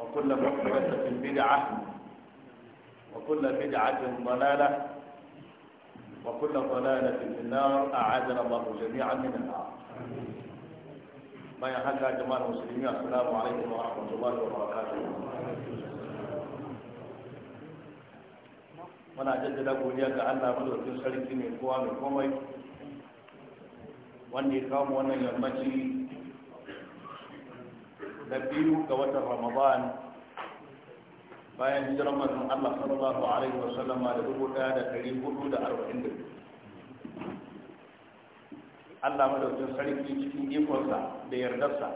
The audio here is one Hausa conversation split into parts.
وكل محدثة بدعة وكل بدعة ضلالة وكل ضلالة في النار أعاذنا الله جميعا من النار ما يحكى جماعة المسلمين السلام عليكم ورحمة الله وبركاته muna jaddada godiya ga Allah madaukakin sarki mai kowa mai komai wanda ya kawo wannan yammaci da biyu ga watan ramadan bayan hijirar manzon Allah sallallahu alaihi wa sallam da dubu ɗaya da dari hudu da arba'in da Allah madaukin sarki cikin ikonsa da yardarsa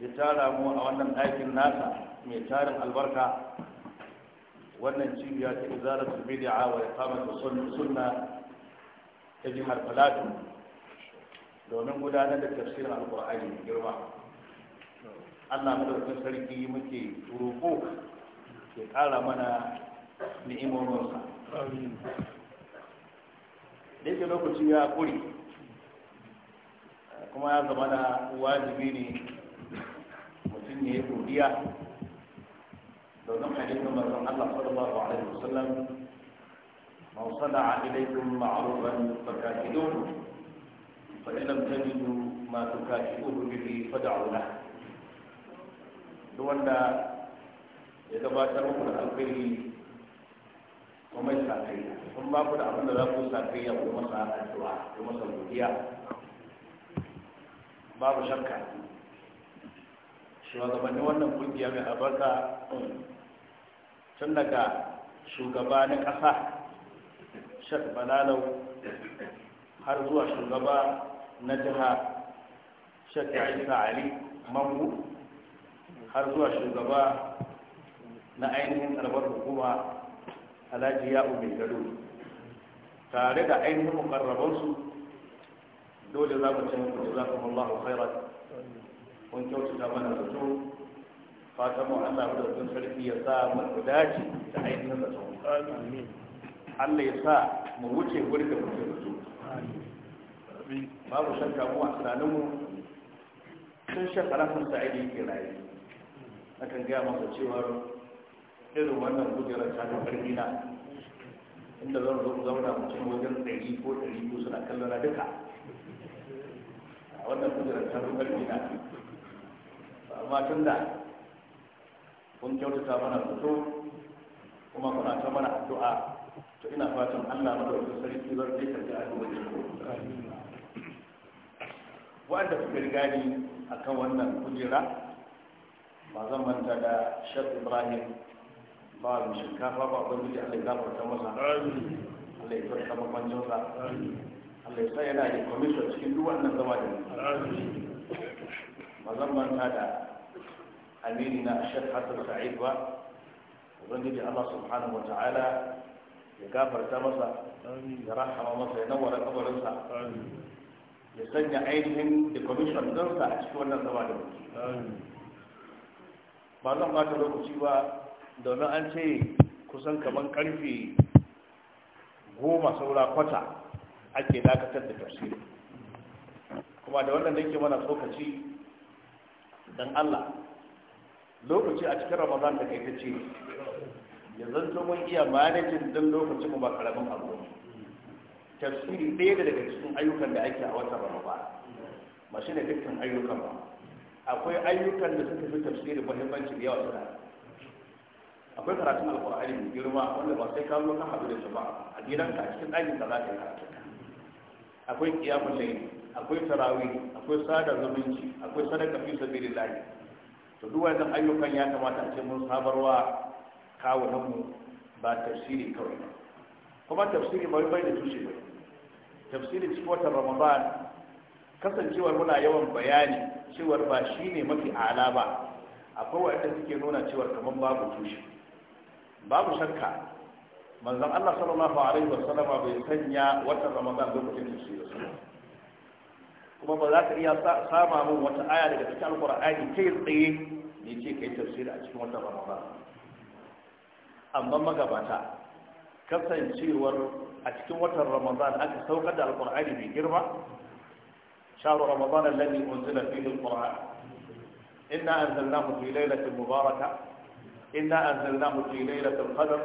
ya tara mu a wannan ɗakin nasa mai tarin albarka wannan cibiya ta izaratul bid'a wa da sunna ta jihar Plateau domin gudanar da tafsirin Al-Wa'id alqur'ani girma Allah madaukakin sarki muke roƙo ya ƙara mana ni'imominsa da yake lokaci ya kuri kuma ya zama da wajibi ne mutum ya yi godiya domin hadisin mazan Allah sallallahu alaihi wasallam man sana'a ilaykum ma'rufan fakahiduhu fa in lam tajidu ma tukahiduhu bihi fad'u lahu duk wanda ya gabatar muku da alkhairi ko mai sakai kuma kun ba ku da abin da za ku sakai ya ku masa addu'a ko masa godiya babu shakka shugabanni wannan kungiya mai albarka tun daga shugaba na ƙasa shek balalau har zuwa shugaba na jiha shek isa ali mangu har zuwa shugaba na ainihin karbar hukuma alhaji ya mai gado tare da ainihin mukarrabansu dole za mu ce muku jazakumullahu khairan kun kyautata mana zato fatan mu Allah da sun sarki ya sa mu dace da ainihin zato Allah ya sa mu wuce wurin da muke zato babu shakka mu a tunaninmu sun shakka rafin sa'idi ke rayu akan gaya masa cewar irin wannan kujerar ta ta karfi na inda zan zo zauna mutum wajen ɗari ko ɗari ko suna kallon duka a wannan kujerar ta ta karfi na amma tun da kun kyautata mana fito kuma kuna ta mana addu'a to ina fatan Allah wasu sarki zan zai karɓi wajen ku wanda suka riga a akan wannan kujera ba zan manta da shaf ibrahim ba mu shinkafa ba a da allah ya gafarta masa allah ya farka mabancinsa allah ya sa yana da kwamishin cikin duk wannan zama da ba zan manta da amini na shaf hassan sa'id ba ubangiji allah subhanahu wa ta'ala ya gafarta masa ya rahama masa ya nawara kabarinsa ya sanya ainihin da kwamishin a cikin wannan zama da muke ba zan bata lokaci ba domin an ce kusan kamar karfe goma saura kwata ake dakatar da tafsiri kuma da wannan da yake mana tsokaci don allah lokaci a cikin ramadan da kai ta ce ya zanto mun iya manajin don lokacin mu ba karamin abu tafsiri ɗaya daga cikin ayyukan da ake a watan ramadan ba shi ne dukkan ayyukan ba akwai ayyukan da suka fi tafsiri muhimmanci da yawa suna akwai karatun alkur'ani mai girma wanda ba sai kawo ka haɗu da su ba a gidanka a cikin ɗakin da za ka yi karatu akwai kiyamun layi akwai tarawih akwai sada zumunci akwai sadaka fi sabilillah to duk wannan ayyukan ya kamata a ce mun sabarwa kawunan mu ba tafsiri kawai ba kuma tafsiri bai bai da tushe ba tafsiri cikin watan ramadan kasancewar muna yawan bayani cewar ba shi ne mafi ala ba akwai waɗanda suke nuna cewar kamar babu tushe babu shakka manzon Allah sallallahu alaihi sallama bai sanya watan Ramadan lokacin su. kuma ba za ka iya sama mun wata aya daga cikin Alqur'ani kai tsaye ne ce kai tafsiri a cikin watan Ramadan amma magabata kasancewar a cikin watan Ramadan aka saukar da Alqur'ani mai girma شهر رمضان الذي أنزل فيه القرآن إنا أنزلناه في ليلة مباركة إنا أنزلناه في ليلة القدر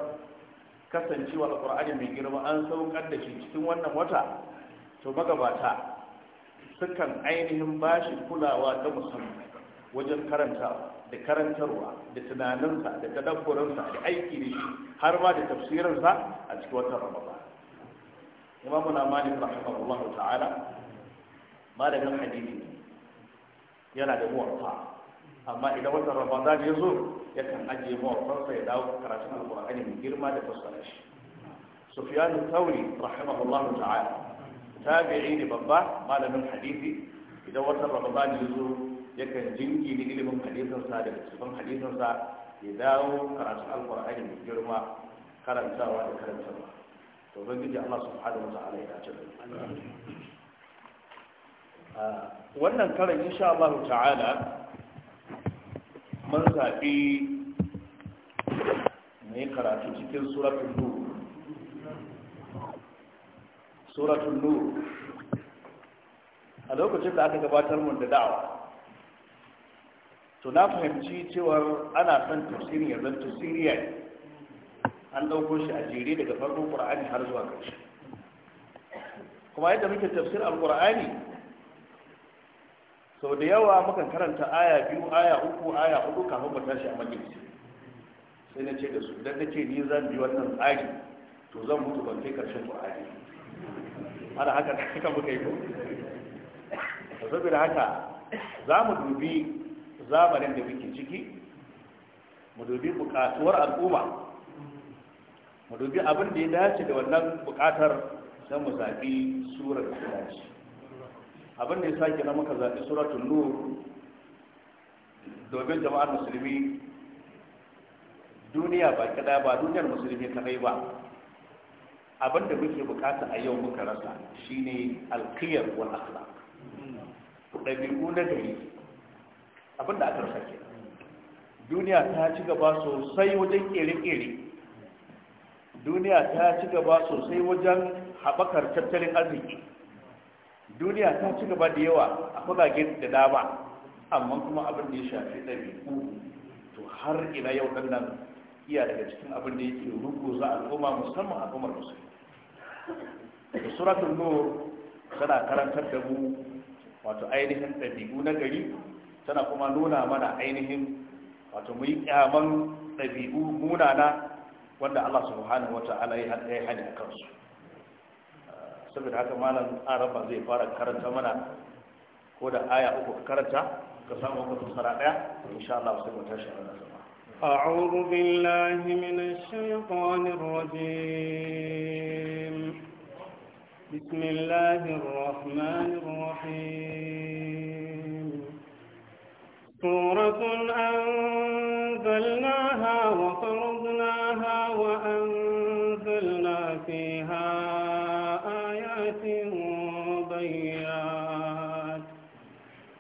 kasancewa Al-ƙur'ani mai girma an saukar da shi cikin wannan wata to magabata sukan ainihin bashi kulawa ta musamman wajen karanta da karantarwa da tunaninsa da tadabburinsa da aiki da shi har ma da tafsirinsa a cikin watan ramadan imamu na malik rahimahullahu ta'ala malamin hadisi yana da muwafa amma idan watan ramadan ya zo ya kan ajiye mawafansa ya dawo karatun alqur'ani mai girma da fassara shi sufyan Tauri, thawri rahimahullah ta'ala tabi'i ne babba malamin hadisi idan watan ramadan ya zo ya kan jingine ilimin hadisin da cikin hadisin ya dawo karatun alqur'ani mai girma karantawa da karantarwa to ubangiji Allah subhanahu wa ta'ala ya dace da wannan karan insha Allah ta'ala mun zaɓi mai karatu cikin suratul nur suratul nur a lokacin da aka gabatar mun da da'awa to na fahimci cewar ana son tafsiri ya zan tafsiriya an ɗauko shi a jere daga farkon ƙur'ani har zuwa ƙarshe kuma yadda muke tafsir al-ƙur'ani sau da yawa mukan karanta aya biyu aya uku aya hudu kafin mu tashi a majalisi sai na ce da su na ce ni zan bi wannan tsari to zan mutu ban kai karshen to ayi ana haka haka muka yi ko saboda haka za mu dubi zamanin da muke ciki mu dubi bukatuwar al'umma mu dubi abin da ya dace da wannan bukatar sai mu zaɓi surar da ta dace abin da ya sake na maka zaɓi suratun nur domin jama'ar musulmi duniya ba kaɗa ba duniyar musulmi kaɗai ba abin da muke bukata a yau muka rasa shine alkiyar wal akhlaq ɗabi'u na gari abin da aka rasa ke duniya ta ci gaba sosai wajen ƙere-ƙere duniya ta ci gaba sosai wajen haɓakar tattalin arziki duniya ta ci gaba da yawa a fagage da dama amma kuma abin da ya shafi ɗabi'u to har ina yau ɗan nan iya daga cikin abin da yake rugu za al'umma musamman al'ummar musulmi da suratun nur tana karantar da mu wato ainihin ɗabi'u na gari tana kuma nuna mana ainihin wato mu yi ɗabi'u munana wanda Allah subhanahu wa ta'ala ya hani a kansu saboda haka malam arafa zai fara karanta mana ko da aya uku karanta ka samu ka tsara daya insha Allah sai mu tashi a nan a'udhu billahi minash shaytanir rajim bismillahir rahmanir rahim الرحيم anzalnaha wa qara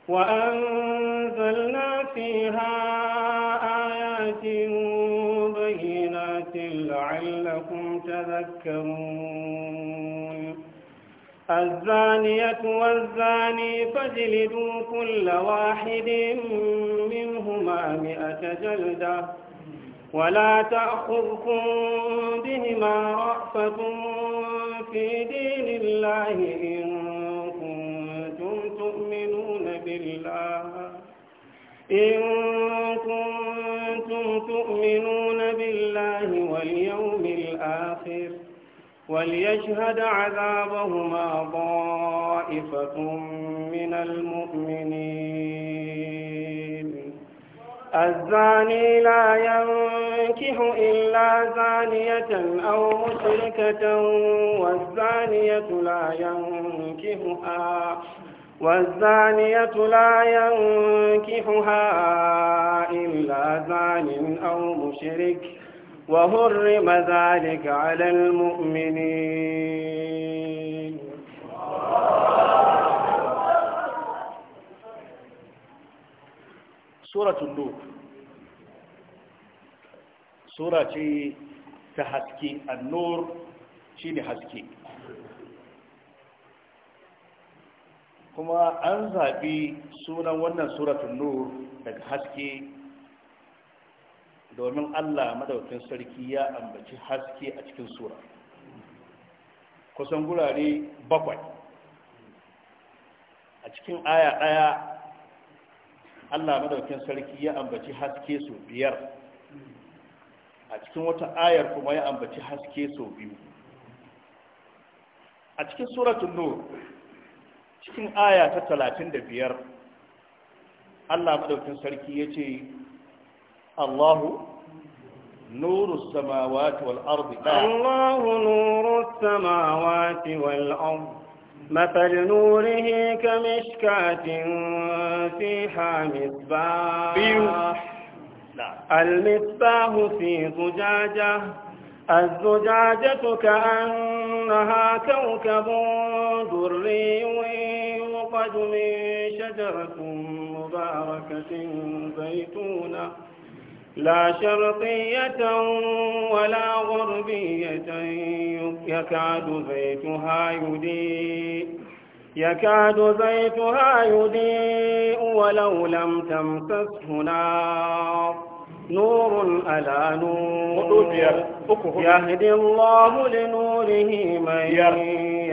وأنزلنا فيها آيات بينات لعلكم تذكرون الزانية والزاني فاجلدوا كل واحد منهما مئة جلدة ولا تأخذكم بهما رأفة في دين الله إن الله إن كنتم تؤمنون بالله واليوم الآخر وليشهد عذابهما طائفة من المؤمنين الزاني لا ينكح إلا زانية أو مشركة والزانية لا ينكحها والزانية لا ينكحها إلا زان أو مشرك وهرم ذلك على المؤمنين سورة النور سورة تحسكي النور شين حسكي kuma an zaɓi sunan wannan suratun nur daga haske domin allah madaukin sarki ya ambaci haske a cikin sura kusan gurare bakwai a cikin aya ɗaya allah madaukin sarki ya ambaci haske sau biyar a cikin wata ayar kuma ya ambaci haske sau biyu a cikin suratun nur cikin aya ta talatin da biyar Allah maɗaukin sarki ya ce Allahu nuru samawati wal ardi Allahu nuru samawati wal ardi مثل نوره كمشكاة فيها مصباح المصباح في زجاجة الزجاجة كأنها كوكب دري يُؤْخَذُ مِنْ شَجَرَةٍ مُبَارَكَةٍ زَيْتُونَةٍ لا شرقية ولا غربية يكاد زيتها يضيء يكاد زيتها يضيء ولو لم تمسسه نار نور على نور يهدي الله لنوره من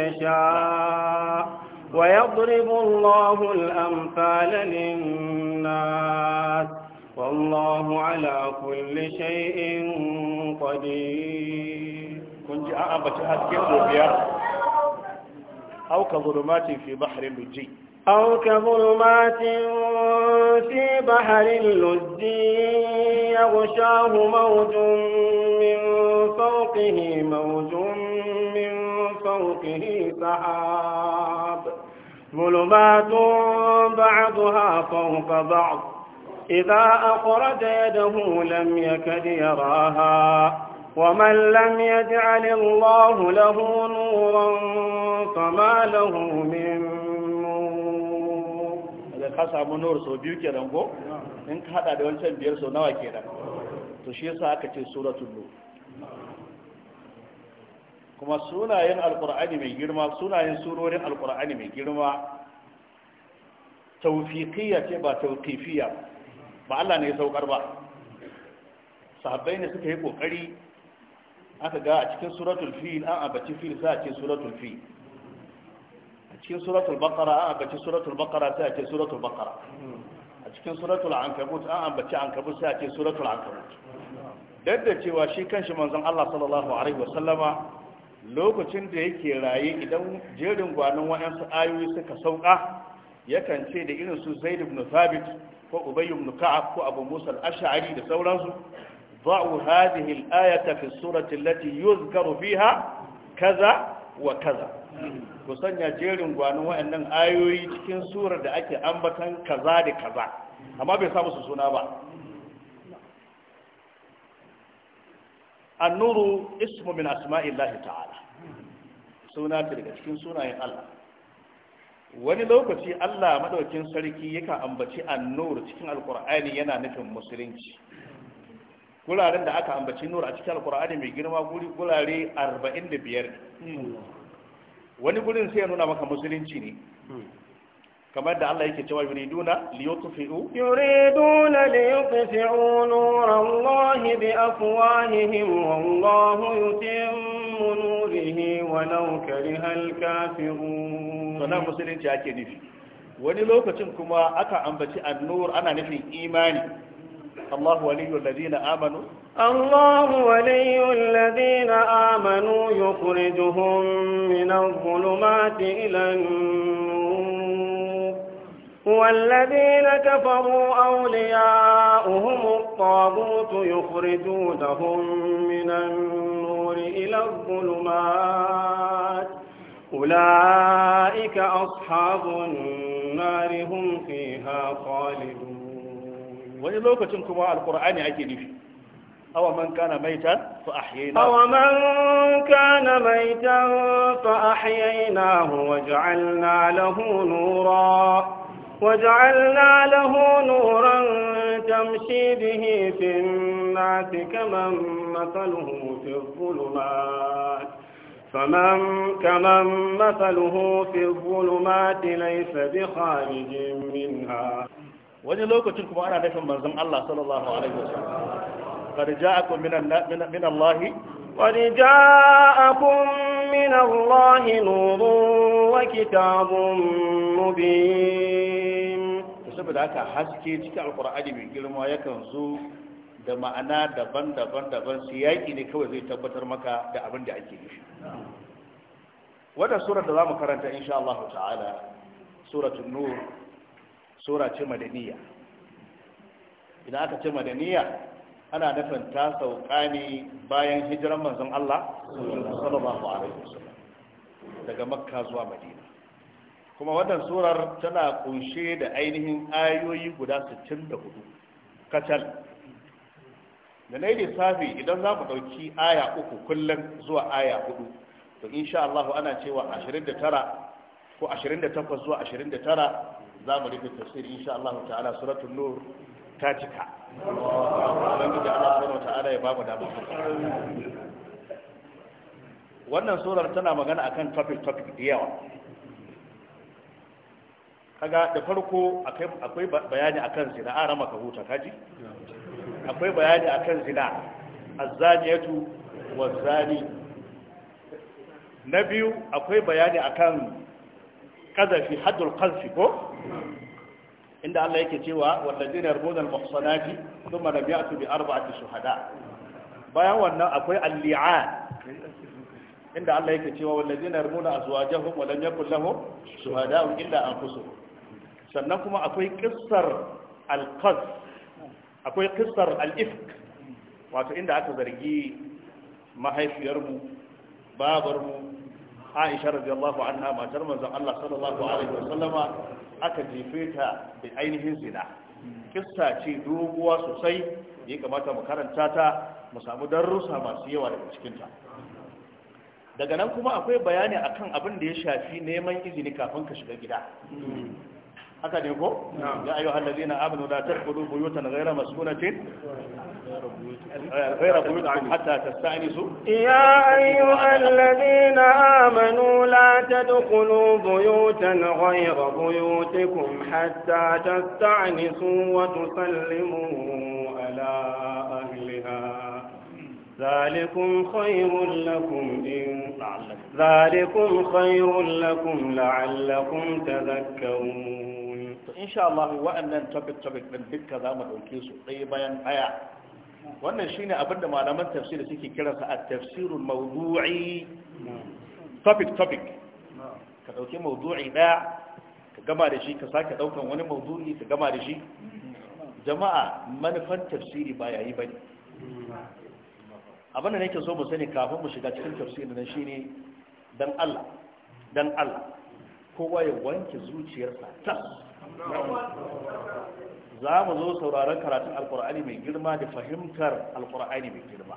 يشاء ويضرب الله الأمثال للناس والله على كل شيء قدير كنت أعبت أذكر بيار أو كظلمات في بحر اللجي أو كظلمات في بحر اللجي يغشاه موج من فوقه موج من فوقه سحاب ظلمات بعضها فوق بعض إذا أخرج يده لم يكد يراها ومن لم يجعل الله له نورا فما له من ka samu nur sau biyu kenan ko in ka hada da wancan biyar sau nawa kenan to shi yasa aka ce suratul nur kuma sunayen alkur'ani mai girma sunayen surorin alkur'ani mai girma taufiqiyya ce ba tauqifiyya ba Allah ne ya saukar ba sahabbai ne suka yi kokari aka ga a cikin suratul fil an abaci fil sai a ce suratul fil a cikin suratul baqara an abaci suratul baqara sai a ce suratul baqara a cikin suratul ankabut an abaci ankabut sai a ce suratul ankabut duk cewa shi kanshi manzon Allah sallallahu alaihi sallama. lokacin da yake raye idan jerin gwanon waɗansu ayoyi suka sauka yakan ce da irin su zaid ibn thabit ko ubay ibn ka'ab ko abu musa al-ash'ari da sauransu al-ayata fi surati allati yuzkaru fiha kaza wa kaza ko sanya jerin gwanon waɗannan ayoyi cikin surar da ake ambatan kaza da kaza amma bai samu su suna ba annuru ismu min asma'illahi ta'ala suna ta daga cikin sunayen Allah wani lokaci Allah madaukin sarki yaka ambaci annur cikin alqur'ani yana nufin musulunci guraren da aka ambaci nur a cikin alqur'ani mai girma guri gurare 45 wani gurin sai ya nuna maka musulunci ne kamar da Allah yake cewa yuriduna liyutfi'u yuriduna liyutfi'u nurallahi bi afwahihim wallahu yutimmu nurihi walau karihal kafirun sanan musulunci ake nufi wani lokacin kuma aka ambaci annur ana nufin imani الله ولي الذين آمنوا الله ولي الذين آمنوا يخرجهم من الظلمات إلى النور والذين كفروا أولياؤهم الطاغوت يخرجونهم من النور إلى الظلمات أولئك أصحاب النار هم فيها خالدون وإذا على القرآن أجل أو من كان ميتا فأحييناه أو من كان ميتا فأحييناه وجعلنا له نوراً وجعلنا له نورا تمشي به في الناس كمن مثله في الظلمات فمن كمن مثله في الظلمات ليس بخارج منها wani lokacin kuma ana nufin manzon Allah sallallahu alaihi wasallam qad ja'akum min min Allah qad ja'akum min Allah nurun وكتاب مبين saboda haka haske cikin alkur'ani mai girma yakan zo da ma'ana daban-daban daban su yaƙi ne kawai zai tabbatar maka da abin da ake nufi wadda surar da za mu karanta insha Allah ta'ala suratun nur sura ce madaniya idan aka ce madaniya ana nufin ta sauka ne bayan hijiran manzon Allah sallallahu alaihi wasallam daga makka zuwa madina kuma wannan surar tana kunshe da ainihin ayoyi guda 64 kacal da na yi lissafi idan za mu ɗauki aya uku kullum zuwa aya hudu to insha Allah ana cewa 29 ko 28 zuwa 29 za mu rufe tafsiri insha Allah ta'ala suratul nur ta cika. Allah ta'ala ya ba mu damar wannan surar tana magana akan topic topic da yawa kaga da farko akwai bayani akan zina a rama ka huta kaji akwai bayani akan zina azzaniyatu wazzani na biyu akwai bayani akan kazafi haddul qazfi ko inda Allah yake cewa wallazina yarbuna al-muhsanati thumma lam ya'tu bi arba'ati shuhada bayan wannan akwai al-li'an inda Allah yake cewa wallazina ya azwajahum wa su hada lahum inda an anfusuhum sannan kuma akwai kisar alkaz akwai kisar al'ifk wato inda aka zargi mahaifiyarmu babarmu Aisha radiyallahu anha matar manzon Allah sallallahu alaihi wasallama sallama aka jefe ta da ainihin zina kista ce doguwa sosai ya kamata mu karanta ta mu samu darussa masu yawa daga cikinta. ta daga nan kuma akwai bayani akan abin da ya shafi neman izini kafin ka shiga gida haka ne ko ya ayu hallazina amanu la tadkhulu buyutan ghayra maskunatin ghayra buyutikum hatta tasta'nisu ya ayu hallazina amanu la tadkhulu buyutan ghayra buyutikum hatta tasta'nisu wa tusallimu ala ذلكم خير لكم إن ذلكم خير لكم لعلكم تذكرون إن شاء الله وأن topic topic من dukka za mu ɗauke ɗaya bayan ɗaya wannan shine abin da malaman tafsiri suke kiransa a tafsirul mawdu'i topic topic ka ɗauki mawdu'i ɗaya ka gama da shi ka sake ɗaukan wani mawdu'i ka gama da shi jama'a manufan tafsiri ba yayi abin da nake so mu sani kafin mu shiga cikin tafsirin nan shine dan Allah don Allah kowa ya wanke zuciyarsa ta, za mu zo sauraron karatun alkur'ani mai girma da fahimtar alkur'ani mai girma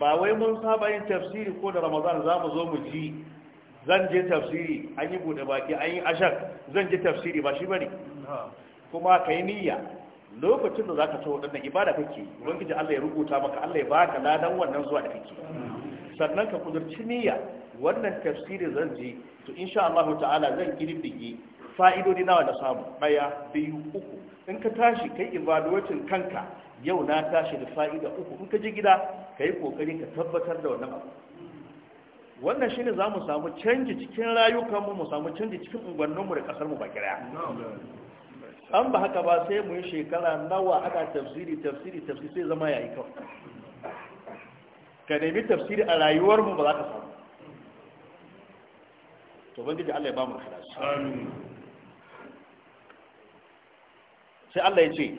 ba wai mun saba yin tafsiri ko da ramadan za mu zo mu ji zan je tafsiri an yi buɗe baki an yi ashak zan je tafsiri ba shi ne? kuma kai niyya lokacin da za ka tawo waɗannan ibada kake ubangiji Allah ya rubuta maka Allah ya baka ladan wannan zuwa da kake sannan ka kudurci niyya wannan tafsiri zan je to insha Allah ta'ala zan kirdige fa'idodi nawa na samu daya biyu uku in ka tashi kai evaluating kanka yau na tashi da fa'ida uku in ka je gida kai kokari ka tabbatar da wannan abu wannan shine zamu samu canji cikin rayukanmu mu samu canji cikin mu da kasar mu baki an ba haka ba sai mu yi shekara nawa aka tafsiri tafsiri tafsiri sai zama yayi kawai ka nemi tafsiri a rayuwar mu ba za ka samu to bangiji Allah ya ba mu karasu sai Allah ya ce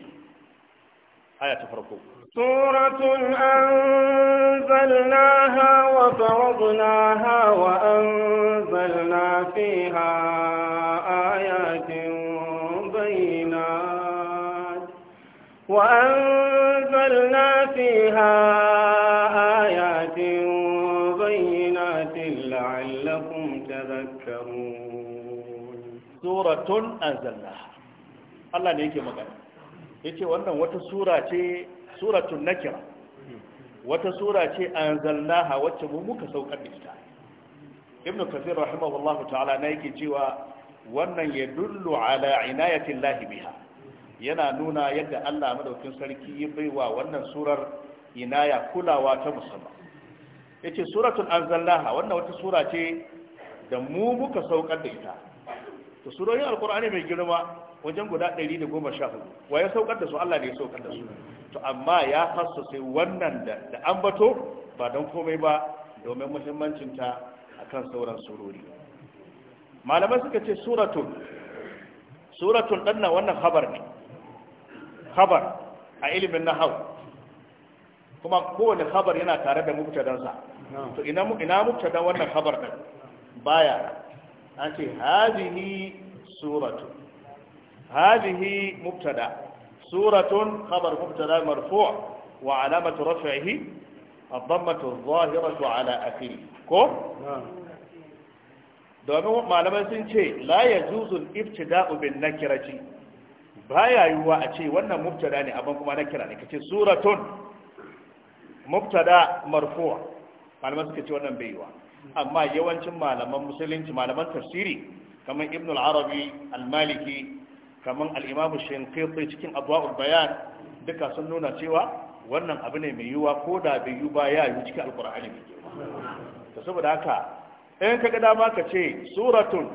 aya ta farko سورة أنزلناها وفرضناها وأنزلنا فيها فيها آيات بينات لعلكم تذكرون سورة أنزلناها الله نيكي مغانا yace wannan wata sura ce suratul nakira wata sura ce anzalnaha wacce mu muka saukar da ita ibn kathir rahimahullahu ta'ala na yake cewa wannan ya dullu ala inayati llahi biha yana nuna yadda Allah madaukin sarki ya baiwa wannan surar inaya kulawa ta musamman yace suratul anzallaha wannan wata sura ce da mu muka saukar da ita to surorin alqur'ani mai girma wajen guda 114 wa ya saukar da su Allah ne ya saukar da su to amma ya sai wannan da da ambato ba don komai ba domin muhimmancin ta akan sauran surori malamai suka ce suratul suratul danna wannan habar ne khabar a ilimin nahaw kuma kowane khabar yana tare da mubtadansa to ina ina wannan khabar din baya an ce hadhihi suratu hadhihi mubtada suratun khabar mubtada marfu' wa alamatu raf'ihi الضمة الظاهرة على أخيه ko. domin malamai sun ce la ya juzul ibtida'u bin nakirati baya yiwuwa a ce wannan mubtada ne amma kuma na kira ne kace suratun mubtada marfu'a malaman suka ce wannan bai yiwuwa. amma yawancin malaman musulunci malaman tafsiri kamar ibn al-arabi al-maliki kamar al-imam shinqiti cikin abwaul bayan duka sun nuna cewa wannan abu ne mai yiwa ko da bai yi ba ya yi cikin alkur'ani mai girma saboda haka in ka ga dama ka ce suratun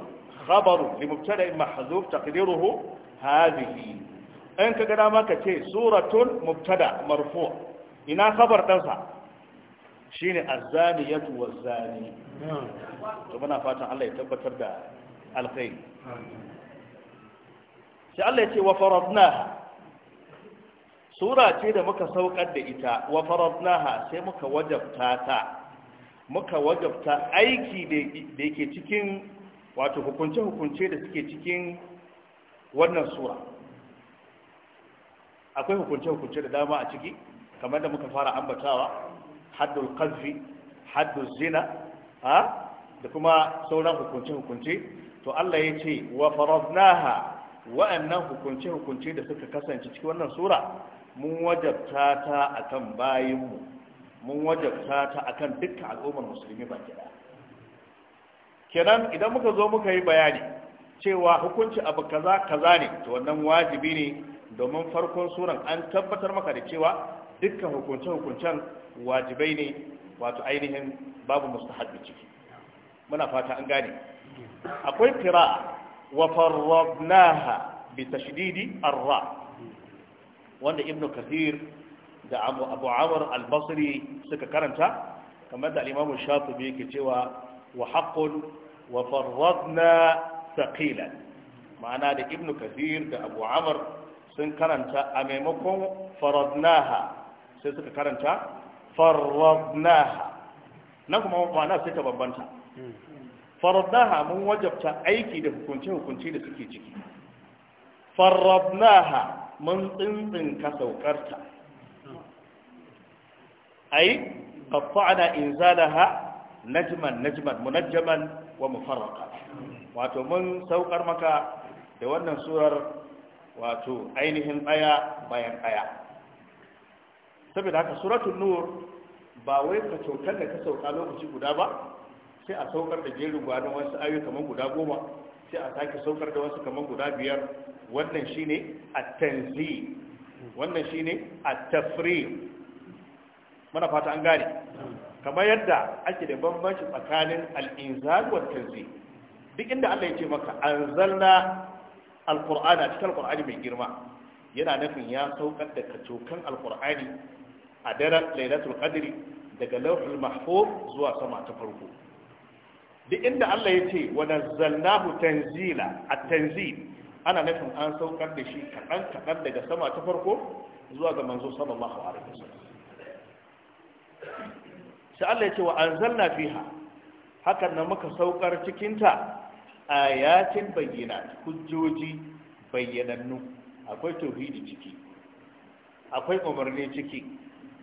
khabaru li mubtada'in mahzuf taqdiruhu hadhihi an ka gada maka ce suratun mubtada marfu ina khabar ɗansa shine az-zaniyatu waz-zani to muna fatan Allah ya tabbatar da alkhairi sai Allah ya ce wa faradnaha sura ce da muka saukar da ita wa faradnaha sai muka wajabta ta muka wajabta aiki da yake cikin wato hukunce-hukunce da suke cikin wannan sura akwai hukunce-hukunce da dama a ciki kamar da muka fara ambatawa haddul qazfi haddul zina ha da kuma sauran hukunce-hukunce to Allah ya ce wa faradnaha wa'annan hukunce-hukunce da suka kasance cikin wannan sura mun wajabta ta akan bayinmu mun wajabta ta akan dukkan al'ummar musulmi ba kenan idan muka zo muka yi bayani cewa hukunci abu kaza kaza ne to wannan wajibi ne domin farkon suran an tabbatar maka da cewa dukkan hukunce-hukuncen wajibai ne wato ainihin babu mustahabbi ciki muna fata an gane akwai kira wa farrabnaha bi tashdidi wanda ibnu kathir da abu abu amr al-basri suka karanta kamar da al-imam yake cewa wa haqqun wa farradna saqilan ma'ana da Ibnu kathir da abu amr sun karanta a maimakon faradnaha sai suka karanta faradnaha na kuma ma'ana sai ta babbanta faradnaha mun wajabta aiki da hukunci hukunci da suke ciki faradnaha mun tsintsin ka saukarta ai qatta'na inzalaha najman najman munajjaman wa mufarraqa wato mun saukar maka da wannan surar wato ainihin ɗaya bayan ɗaya. saboda haka suratul nur ba wai ka cokar da ka sauka lokaci guda ba sai a saukar da jerin gwanon wasu ayoyi kamar guda goma sai a sake saukar da wasu kamar guda biyar wannan shine at-tanzi wannan shine at-tafri mana fata an gane kamar yadda ake da bambanci tsakanin al-inzal wa tanzi duk inda Allah ya ce maka anzalna alqur'ana cikin alqur'ani mai girma yana nufin ya saukar da kacokan alqur'ani a daren lailatul qadri daga lauhul mahfuz zuwa sama ta farko duk inda Allah ya ce wa nazzalnahu tanzila at-tanzil ana nufin an saukar da shi kadan kadan daga sama ta farko zuwa ga manzo sallallahu alaihi wasallam sai Allah ya ce wa anzalna fiha hakan nan muka saukar cikinta ayatin bayyana hujjoji bayyanannu akwai tauhidi ciki akwai umarni ciki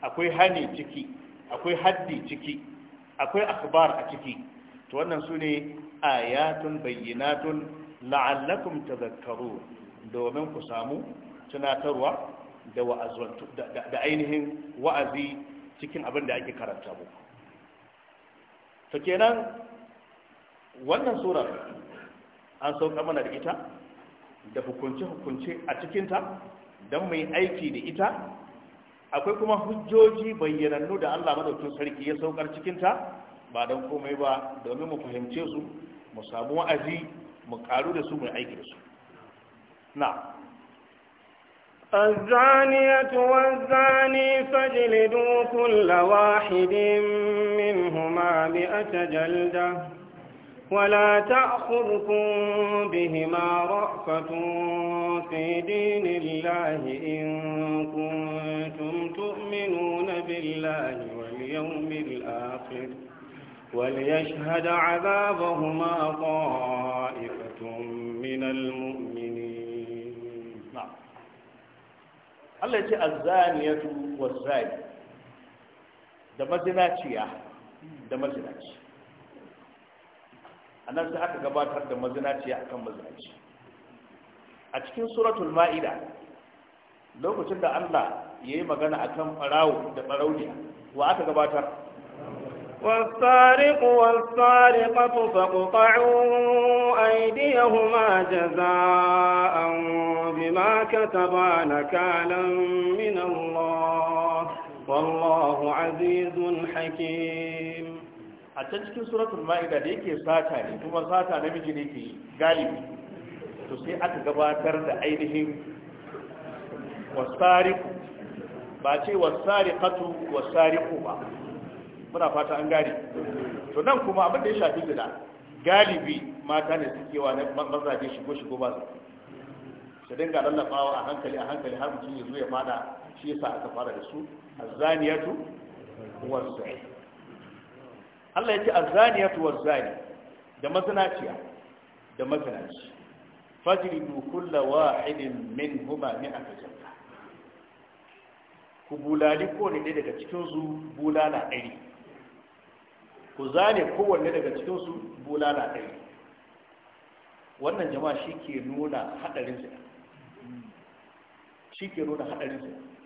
akwai hani ciki akwai haddi ciki akwai akhbar a ciki to wannan su ne ayatun bayyanatun la'allakum tadhakkaru domin ku samu tunatarwa da da ainihin wa'azi cikin abin da ake karanta muku to kenan wannan surar an sauka mana da ita da hukunce-hukunce a cikinta don mai aiki da ita akwai kuma hujjoji bayyanannu da Allah madaukin sarki ya saukar cikinta ba don komai ba domin mu fahimce su mu samu wa'azi mu karu da su mu aiki da su na الزانية والزاني فاجلدوا كل واحد منهما مئة جلده ولا تأخذكم بهما رأفة في دين الله إن كنتم تؤمنون بالله واليوم الآخر وليشهد عذابهما طائفة من المؤمنين نعم. التي الزانية والزاني da mazinaciya a nan sai aka gabatar da mazinaciya akan mazinaci a cikin suratul ma'ida lokacin da allah ya yi magana akan ɓarawo da ɓarauniya wa aka gabatar والسارق والسارقة فاقطعوا أيديهما جزاء بما كتبا نكالا من الله والله عزيز حكيم a can cikin suratul ma'ida da yake sata ne kuma sata namiji ne ke galibi to sai aka gabatar da ainihin wasariku ba ce wasariqatu wasariqu ba muna fata an gari to nan kuma abin da ya shafi zina galibi mata ne suke wa mazaje shigo shigo ba su su dinga lallabawa a hankali a hankali har mutum ya zo ya fada shi yasa aka fara da su azzaniyatu wazzai Allah ya ce azzaniyatu zani, da mazinaciya da mazinaci fajridu kulla wahidin min mi'ata jannah ku bulali kowane ɗaya daga cikin su bulala ɗari ku zane kowanne daga cikin su bulala ɗari wannan jama'a shi ke nuna haɗarin zina shi ke nuna haɗarin zina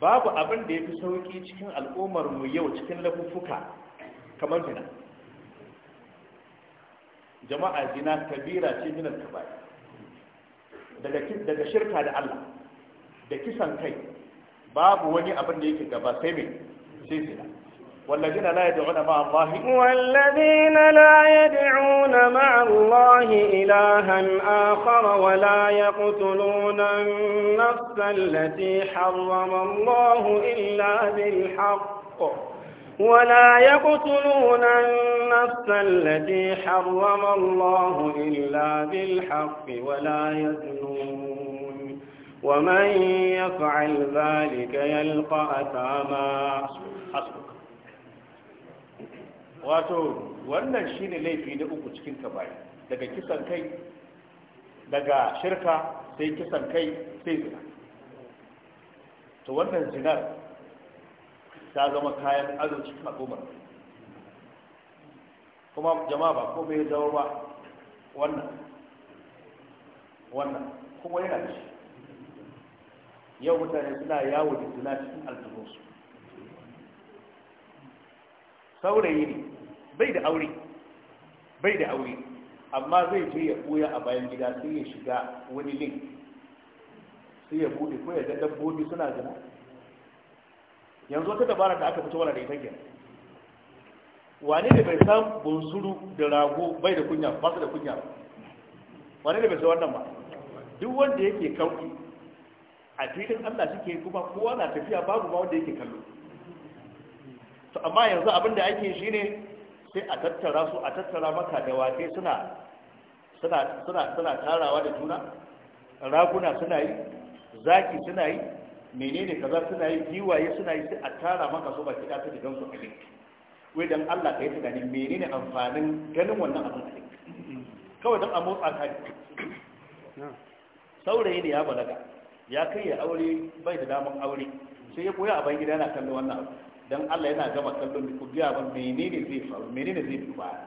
babu abin da ya fi sauƙi cikin al'ummar mu yau cikin lafuffuka kamar zina jama'a zina kabira ce minan kabai daga daga shirka da Allah da kisan kai babu wani abin da yake gaba sai mai sai zina والذين لا يدعون مع الله والذين لا يدعون مع الله إلها آخر ولا يقتلون النفس التي حرم الله إلا بالحق ولا يقتلون النفس التي حرم الله إلا بالحق ولا يزنون ومن يفعل ذلك يلقى أثاما حسبك wato wannan shi ne laifi na uku cikin kabari daga kisan kai daga shirka sai kisan kai sai zina to wannan zinar ta zama kayan ado cikin al'ummar kuma jama'a ba ko ya zama ba wannan wannan kuma yana da shi yau mutane suna yawo da zina cikin aljihunsu saurayi ne bai da aure bai da aure amma zai je ya ɓuya a bayan gida sai ya shiga wani link sai ya bude ko ya ga dabbobi suna zina yanzu wata dabara da aka fito wala da ita kenan wane da bai san bunsuru da rago bai da kunya ba su da kunya wane da bai san wannan ba duk wanda yake kauki a filin Allah suke kuma kowa na tafiya babu ma wanda yake kallo to amma yanzu abin da ake shi ne sai a tattara su a tattara maka da wace suna suna suna suna tarawa da juna raguna suna yi zaki suna yi menene kaza suna yi giwaye suna yi sai a tara maka su baki ɗaya su digan su a gefe wai dan Allah ka yi tunanin menene amfanin ganin wannan abin a kawai don a motsa ka saurayi ne ya balaga ya kai ya aure bai da damar aure sai ya koya a bangida yana kallon wannan abu dan Allah yana gama kallon ku biya ba menene zai faru menene zai duba ba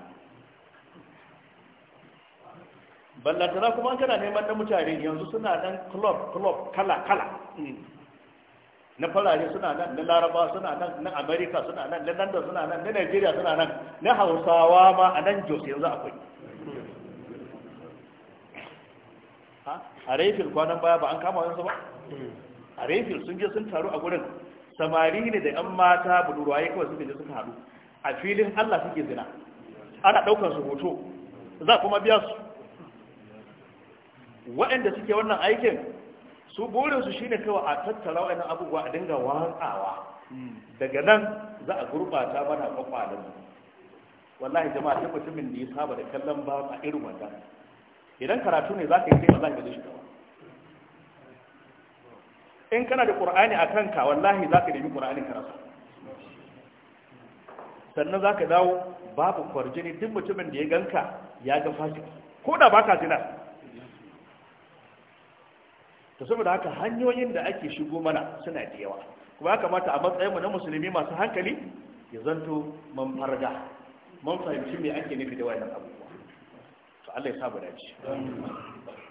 ballantana kuma an kana neman na mutane yanzu suna nan club club kala kala na farare suna nan na laraba suna nan na america suna nan na london suna nan na nigeria suna nan na hausawa ma a nan jos yanzu akwai a refil kwanan baya ba an kama yanzu ba a refil sun je sun taru a gurin samari ne da yan mata ya kawai suka je suka haɗu a filin Allah suke zina ana ɗaukar su hoto za kuma biya su waɗanda suke wannan aikin su burinsu su shine kawa a tattara waɗannan abubuwa a dinga watsawa daga nan za a gurɓata mana kwakwalin wallahi jama'a sai mutumin da ya saba da kallon ba a irin wannan idan karatu ne za ka yi kai ba za ka yi shi kawa in kana da qur'ani a kanka wallahi zaka nemi qur'anin ka rasa sannan zaka dawo babu kwarjini duk mutumin da ya ganka ya ga fasiki ko da baka zina to saboda haka hanyoyin da ake shigo mana suna da yawa kuma ya kamata a matsayinmu na musulmi masu hankali ya zanto man farga man fahimci me ake nufi da wannan abubuwa to Allah ya saba dace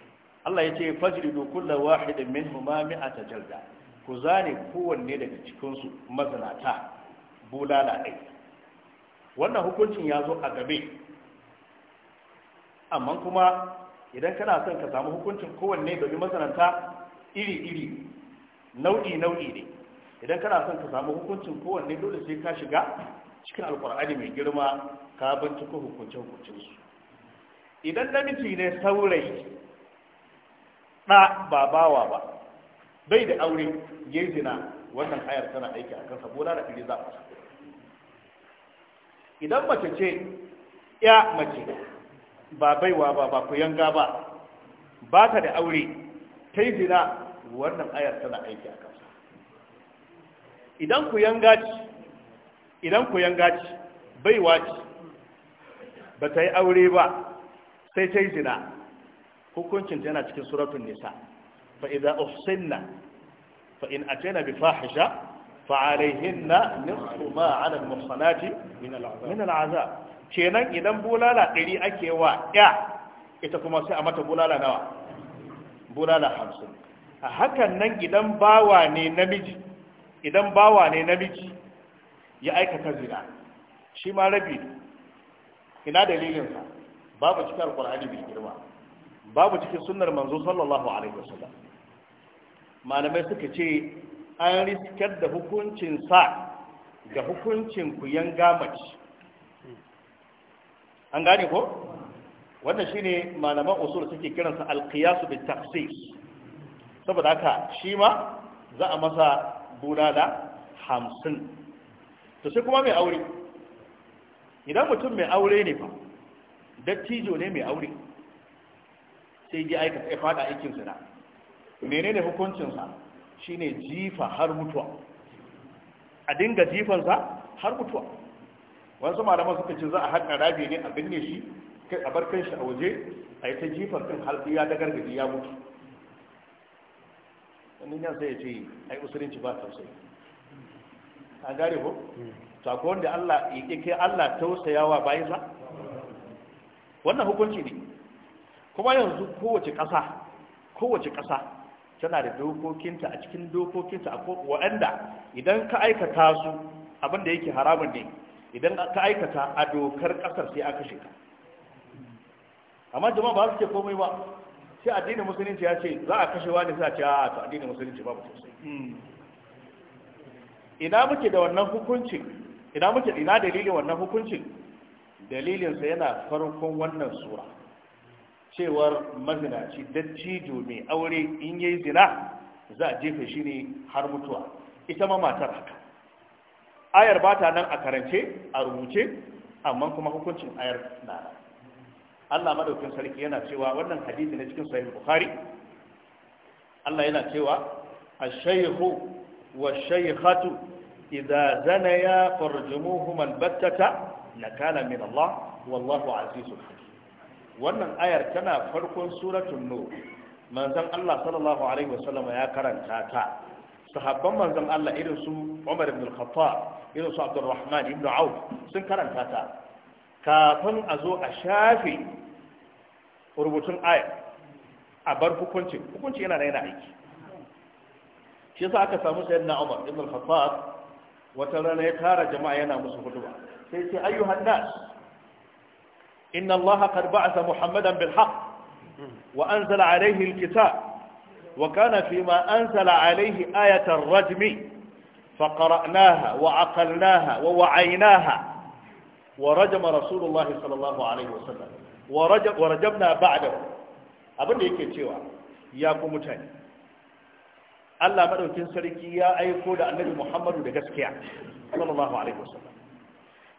Allah ya ce fajridu kulla wahidin minhuma mi'ata jalda ku zane kowanne daga cikin su mazinata bulala ɗai wannan hukuncin ya zo a gabe amma kuma idan kana son ka samu hukuncin kowanne domin mazinata iri-iri nau'i-nau'i ne idan kana son ka samu hukuncin kowanne dole sai ka shiga cikin alkur'ani mai girma ka binciko hukuncin hukuncinsu idan namiji ne saurayi ɗa ba bawa ba bai da aure ya yi zina wannan ayar tana aiki a kansa bola da ɗari za a idan mace ce ya mace ba baiwa ba ba ku yanga ba ba ta da aure ta yi zina wannan ayar tana aiki a kansa idan ku yanga ci idan ku yanga ce baiwa ce ba ta yi aure ba sai ta yi zina hukuncin yana cikin suratun nisa fa idza uhsinna fa in atayna bi fahisha fa alayhinna nisfu ma ala al muhsanati min al azab kenan idan bulala ɗari ake wa ya ita kuma sai a mata bulala nawa bulala hamsin a hakan nan idan bawa ne namiji idan bawa ne namiji ya aikata zina shi ma rabi ina dalilinsa babu cikar qur'ani bil girma babu cikin sunnar manzo sallallahu alaihi wasallam malamai suka ce an riskar da hukuncin sa ga hukuncin ku yanga mace an gane ko wannan shine malaman usul suke kiransa alqiyasu bi taqsis saboda haka shi ma za a masa da hamsin to sai kuma mai aure idan mutum mai aure ne fa dattijo ne mai aure sai ji aikata ya fada aikin zina menene hukuncinsa shine jifa har mutuwa a dinga jifansa har mutuwa wasu malaman suka ce za a haƙa rabi ne a binne shi kai a bar kanshi a waje a yi ta jifar kan har ya da gargaji ya mutu wannan yan sai ya ce ai usulunci ba tausayi a gare ko sako wanda Allah ya ke Allah tausayawa bayan sa wannan hukunci ne kuma yanzu kowace ƙasa kowace ƙasa tana da dokokinta a cikin dokokinta a waɗanda idan ka aikata su abinda yake haramun ne idan ka aikata a dokar ƙasar sai aka shiga amma jama'a ba su ce komai ba sai addinin musulunci ya ce za a kashe wani sai a ce a to addinin musulunci ba sosai ina muke da wannan hukunci ina muke ina dalilin wannan hukuncin dalilinsa yana farkon wannan sura cewar mazinaci dattijo mai aure in yayi zina za a jefe shi ne har mutuwa ita ma matar haka ayar ba ta nan a karance a rubuce amma kuma hukuncin ayar na Allah madaukin sarki yana cewa wannan hadisi na cikin sahih bukhari Allah yana cewa ash-shaykhu wash-shaykhatu idza zanaya farjumuhuma al nakala min Allah wallahu azizul hakim wannan ayar tana farkon suratun nur manzon Allah sallallahu alaihi wasallam ya karanta ta sahabban manzon Allah irin su Umar ibn al-Khattab irin su Abdurrahman ibn Auf sun karanta ta kafin a zo a shafe rubutun ayar a bar hukunci hukunci yana da yana aiki shi yasa aka samu na Umar ibn al-Khattab wata rana ya tara jama'a yana musu huduba sai sai ayyuhan nas إن الله قد بعث محمدا بالحق وأنزل عليه الكتاب وكان فيما أنزل عليه آية الرجم فقرأناها وعقلناها ووعيناها ورجم رسول الله صلى الله عليه وسلم ورجب ورجمنا بعده abin da yake cewa ya ku mutane Allah madaukin sarki ya aiko da annabi Muhammadu da gaskiya sallallahu alaihi wasallam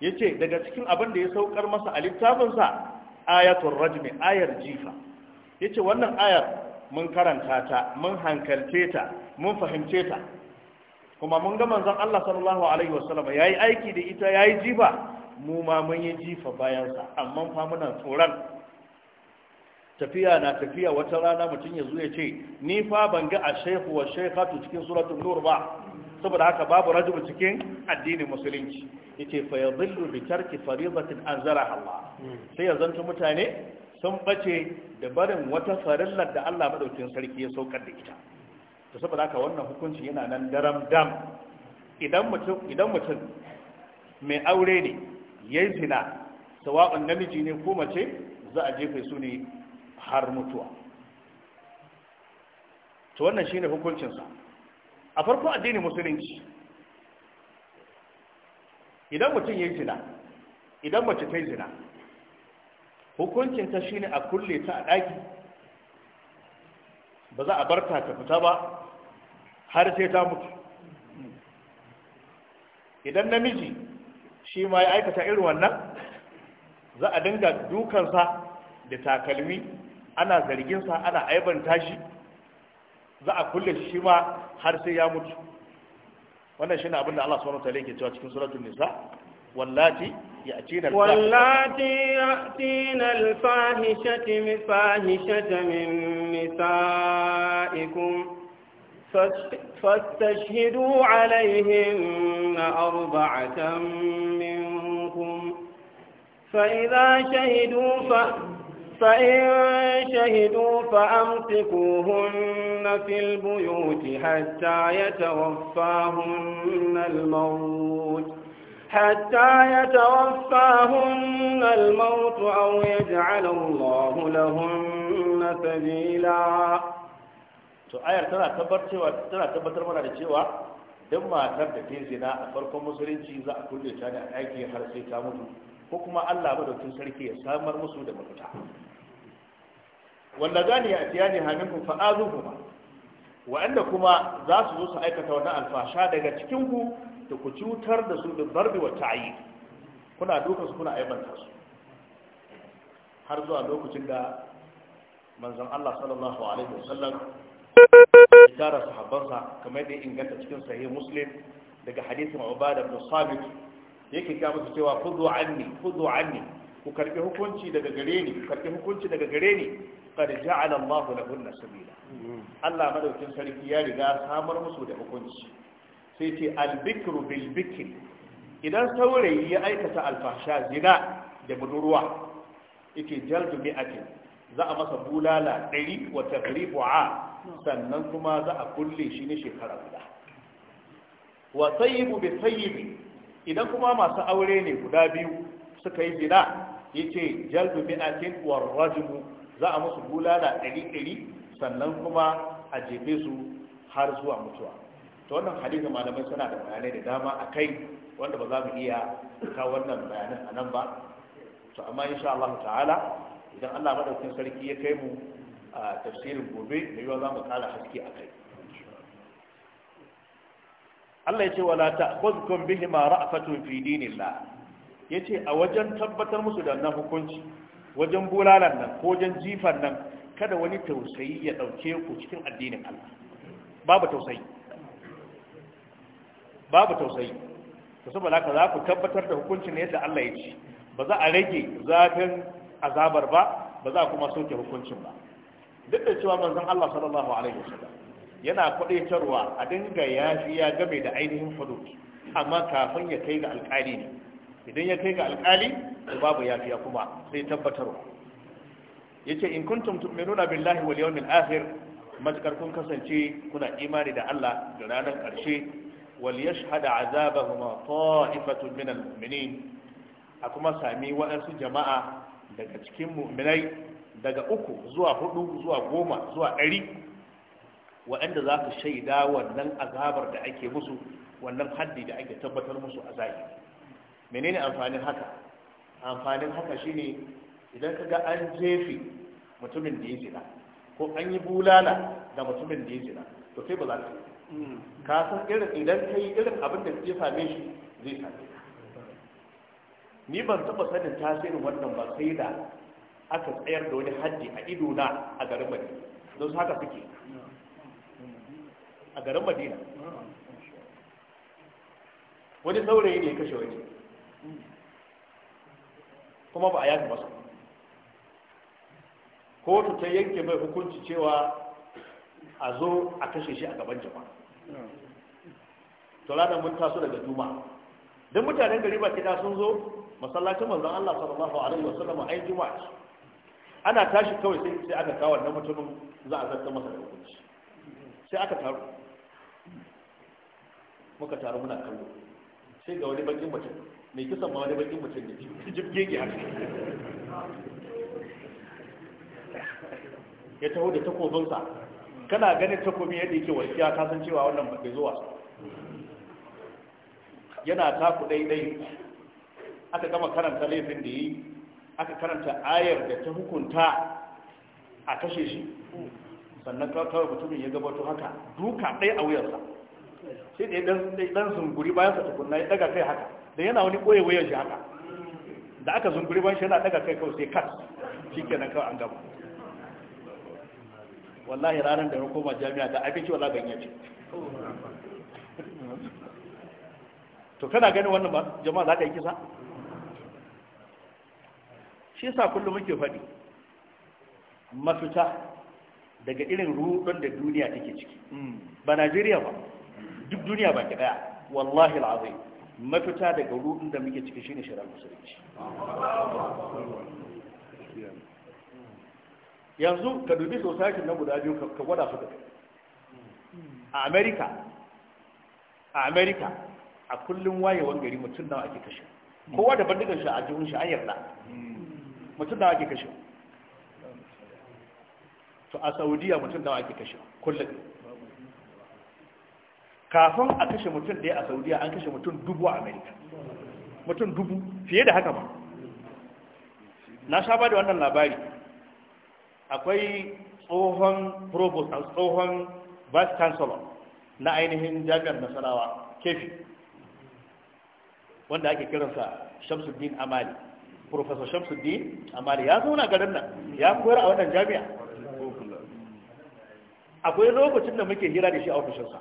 yace daga cikin abin da ya saukar masa a littafinsa ayatul rajmi ayar jifa yace wannan ayar mun karanta ta mun hankalce ta mun fahimce ta kuma mun ga manzon Allah sallallahu alaihi wasallam yayi aiki da ita yayi jifa mu ma mun yi jifa bayansa amma fa muna tsoron tafiya na tafiya wata rana mutum ya zo ya ce ni fa ban ga a shaykhu wa shaykhatu cikin suratul nur ba saboda haka babu rajul cikin addinin musulunci yace fa yadhillu bi tarki fariidatin Anzara, Allah sai ya zanto mutane sun bace da barin wata farillar da Allah madaukin sarki ya saukar da ita to saboda haka wannan hukunci yana nan daram dam idan mutum idan mutum mai aure ne yayi zina sawa'un namiji ne ko mace za a jefe su ne har mutuwa to wannan shine hukuncinsa a farko addini musulunci idan mutum ya zina idan mace ta zina hukuncinta shine a kulle ta a ɗaki ba za a bar ta fita ba har sai ta mutu idan namiji shi ma ya aikata irin wannan za a dinga dukansa da takalmi ana zargin sa ana aibanta shi za a kulle shi ma har sai ya mutu wannan shine abin da Allah subhanahu wa ta'ala yake cewa cikin suratul nisa wallati ya'tina wallati ya'tina al-fahishati min fahishati min nisaikum fastashhidu عليهن arba'atan minkum فإذا شهدوا فأتوا فإن شهدوا فأمسكوهن في البيوت حتى يتوفاهن الموت حتى يتوفاهن الموت أو يجعل الله لهن سبيلا to ayar tana tabbatar tana tabbatar mana da cewa duk matar da ta zina a farkon musulunci za a kulle ta da aiki har sai ta mutu ko kuma Allah madaukin sarki ya samar musu da mafita wanda gani ya tiya ne haminku Wa wa'anda kuma za su zo su aikata wannan alfasha daga cikin ku da ku cutar da su da barbi wa ta'ayi kuna dukan su kuna aibanta su har zuwa lokacin da manzon Allah sallallahu alaihi wasallam tara sahabbansa kamar da inganta cikin sahih muslim daga hadisin Ubada ibn Sabit yake ga musu cewa fudu anni fudu anni ku karbi hukunci daga gare ni karbi hukunci daga gare ni qad ja'ala Allahu lahu sabila Allah madaukin sarki ya riga samar musu da hukunci sai ce albikru bil bikri idan saurayi ya aikata alfasha zina da budurwa yake jaldu mi'atin za a masa bulala ɗari wa tagribu a sannan kuma za a kulle shi ne shekara guda wa sayyibu bi sayyibi idan kuma masu aure ne guda biyu suka yi zina yace jaldu mi'atin war rajmu za a musu bulala ɗari ɗari sannan kuma a jefe su har zuwa mutuwa to wannan hadisin malamai suna da bayanai da dama a kai wanda ba za mu iya kawo wannan bayanan a nan ba to amma insha Allah ta'ala idan Allah madaukakin sarki ya kai mu a tafsirin gobe da yiwa za mu kara haske a kai Allah ya ce wala ta'khudhukum bihima ra'fatun fi dinillah yace a wajen tabbatar musu da nan hukunci wajen bulalan nan ko wajen jifan nan kada wani tausayi ya dauke ku cikin addinin Allah babu tausayi babu tausayi to saboda haka za ku tabbatar da hukuncin yadda Allah ya ce ba za a rage zafin azabar ba ba za a kuma soke hukuncin ba duk da cewa manzon Allah sallallahu alaihi wasallam yana kwadaitarwa a dinga yafiya game da ainihin fadud amma kafin ya kai ga alkali ne idan ya kai ga alkali to babu yafiya kuma sai tabbatarwa yace in kuntum tu'minuna billahi wal yawmil akhir matakar kun kasance kuna imani da Allah da ranar karshe wal yashhad azabahuma ta'ifatun minal mu'minin a kuma sami waɗansu jama'a daga cikin mu'minai daga uku zuwa hudu zuwa goma zuwa ɗari waɗanda za su shaida wannan azabar da ake musu wannan haddi da ake tabbatar musu a zahiri menene amfanin haka amfanin haka shine idan ka ga an jefi mutumin da ya zina ko an yi bulala da mutumin da ya zina to sai ba za ka yi hmm. ka san irin idan ka yi irin abin da ya same shi zai same ni ban taɓa sanin tasirin wannan ba sai da aka tsayar da wani haddi a ido na a garin madina don su haka suke hmm. a garin madina wani saurayi ne ya kashe wani kuma ba a yaki masa kotu ta yanke mai hukunci cewa a zo a kashe shi a gaban jama'a to ranar mun taso daga juma'a Don mutanen gari ba kida sun zo masallacin manzon Allah sallallahu alaihi wasallam ai juma'a ce ana tashi kawai sai sai aka kawo wannan mutumin za a zarta masa da hukunci sai aka taru muka taru muna kallo sai ga wani bakin mutum mai kisan ma wani bakin mutum da jibgege haka ya taho da takobinsa kana ganin takobin yadda yake walfiya ta san cewa wannan bai zuwa yana taku daidai aka gama karanta laifin da yi aka karanta ayar da ta hukunta a kashe shi sannan ka kawai mutumin ya gabato haka duka ɗaya a wuyarsa sai da ya ɗan zunguri bayan sa tukunna ya ɗaga kai haka da yana wani ɓoye wuyar shi haka da aka zunguri bayan shi yana ɗaga kai kawai sai kat. shi kenan kawai an gaba wallahi ranar da na koma jami'a da abinci wala ban yace to kana ganin wannan ba jama'a za ka yi kisa shi yasa kullum muke faɗi mafita daga irin rudon da duniya take ciki hmm. ba najeriya ba duk duniya ba ki daya wallahi al'azim mafita daga rudon da muke ciki shine shirar musulunci yanzu ka dubi sosakin na guda biyu ka gwada su daga a amerika a Amerika, a kullum wayewar gari mutum da ake kashe kowa da bandigan shi a jihun shi an yarda hmm. mutum da ake kashe to a saudiya mutum nawa ake kashe kullum kafin a kashe mutum ɗaya a saudiya an kashe mutum dubu a amerika mutum dubu fiye da haka ba na sha ba da wannan labari akwai tsohon provost a tsohon vice chancellor na ainihin jami'ar nasarawa kefi wanda ake kiransa shamsuddin amali professor shamsuddin amali ya zauna garin nan ya koyar a wannan jami'a akwai lokacin da muke hira da shi a ofishinsa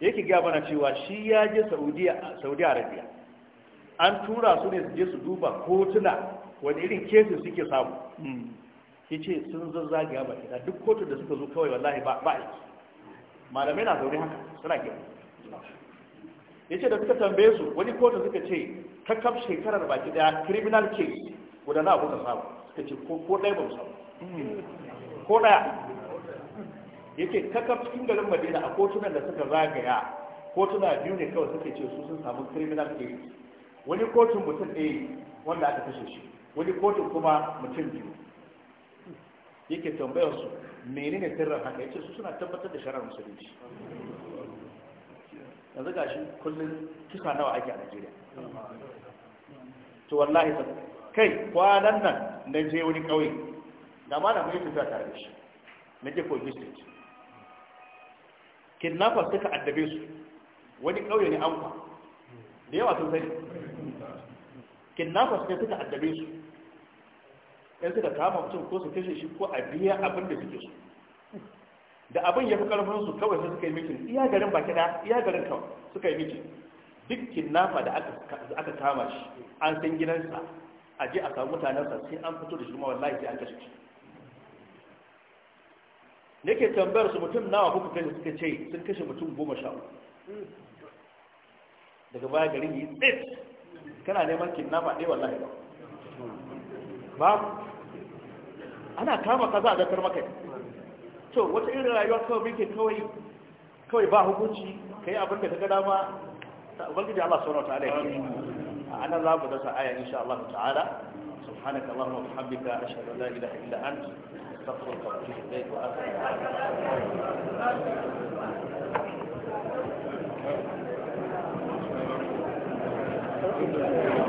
yake gaya mana cewa shi ya je saudi arabia an tura su ne su je su duba kotuna wani irin kesin suke samu hmm. ya ce sun zazzagaya ba da duk kotun da suka zo kawai wallahi ba aiki malamai na zaune haka suna gina ya ce da suka tambaye su wani kotun suka ce kam shekarar baki daya criminal case guda na abu ka samu suka ce ko ɗaya ba mu samu hmm. ko ɗaya yake kakar cikin garin madina a kotunan da suka zagaya kotuna biyu ne kawai suke ce su sun samu criminal case wani kotun mutum ɗaya wanda aka kashe shi wani kotun kuma mutum biyu yake tambayar su menene sirrin haka yace su suna tabbatar da shari'ar musulunci yanzu gashi kullum kisa nawa ake a Najeriya to wallahi kai kwanan nan na je wani kauye da ma na mai tafiya tare da shi na je Kogi State kidnappers suka addabe su wani kauye ne an da yawa sun sani kidnappers ne suka addabe su yan suka kama mutum ko su kashe shi ko a biya abin da suke su da abin ya fi karfin su kawai sai suka yi mitin iya garin baki da iya garin kawai suka yi mitin duk kidnapper da aka kama shi an san gidansa a je a samu mutanensa sai an fito da shi kuma wallahi sai an kashe shi nake tambayar su mutum nawa kuka kashe suka ce sun kashe mutum goma sha daga baya garin yi tsit kana neman ba ɗaya wallahi ba ba ana kama ka za a zartar maka to wata irin rayuwa kawai muke kawai kawai ba hukunci kai abin da ka ga dama ubangiji Allah subhanahu wa ta'ala A nan za mu dasa aya insha Allah ta'ala سبحانك اللهم وبحمدك أشهد أن لا إله إلا أنت أستغفرك وأتوب إليك وآخر Thank